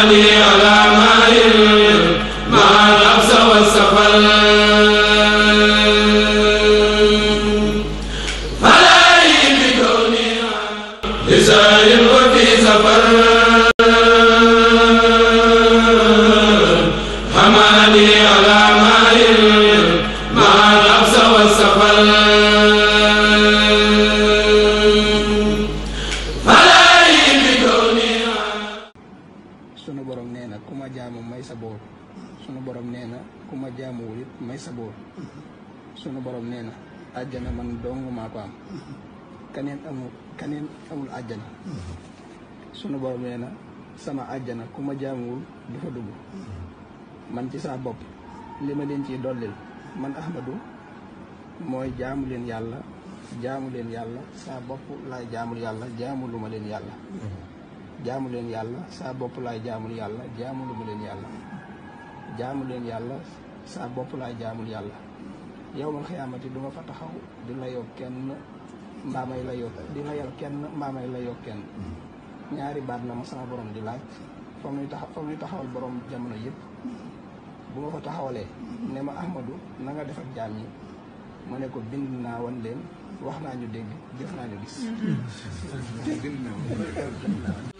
Amani ala sunu borom nee na ku ma jaamu may sa boor sunu borom nee na ku ma jaamuwul may sa boor sunu borom nee na àjjana man dong maa ko am sunu borom nee na sama àjjana ku ma jaamuwul du fa man ci saa bopp li ma leen ciy dollil man Ahmadu mooy jaamu leen yàlla jaamu leen yàlla sa bopp laay jaamul yàlla jaamu lu ma leen yàlla jaamu leen yàlla saa bopp laay jaamul yàlla jaamulu mu leen yàlla jaamu leen yàlla saa bopp laay jaamul yàlla yow man xiyaamati du ma fa taxaw di layoo kenn mbaamay layoo di layal kenn mbaamay layoo kenn ñaari baat la ma sama borom di laaj fa muy taxaw fa muy taxawal boroom jamono yëpp bu ma ko taxawalee ne ma Ahmadou na nga def ak jaam ñi ma ne ko bind naa wan leen wax naa ñu dégg gis naa ñu gis.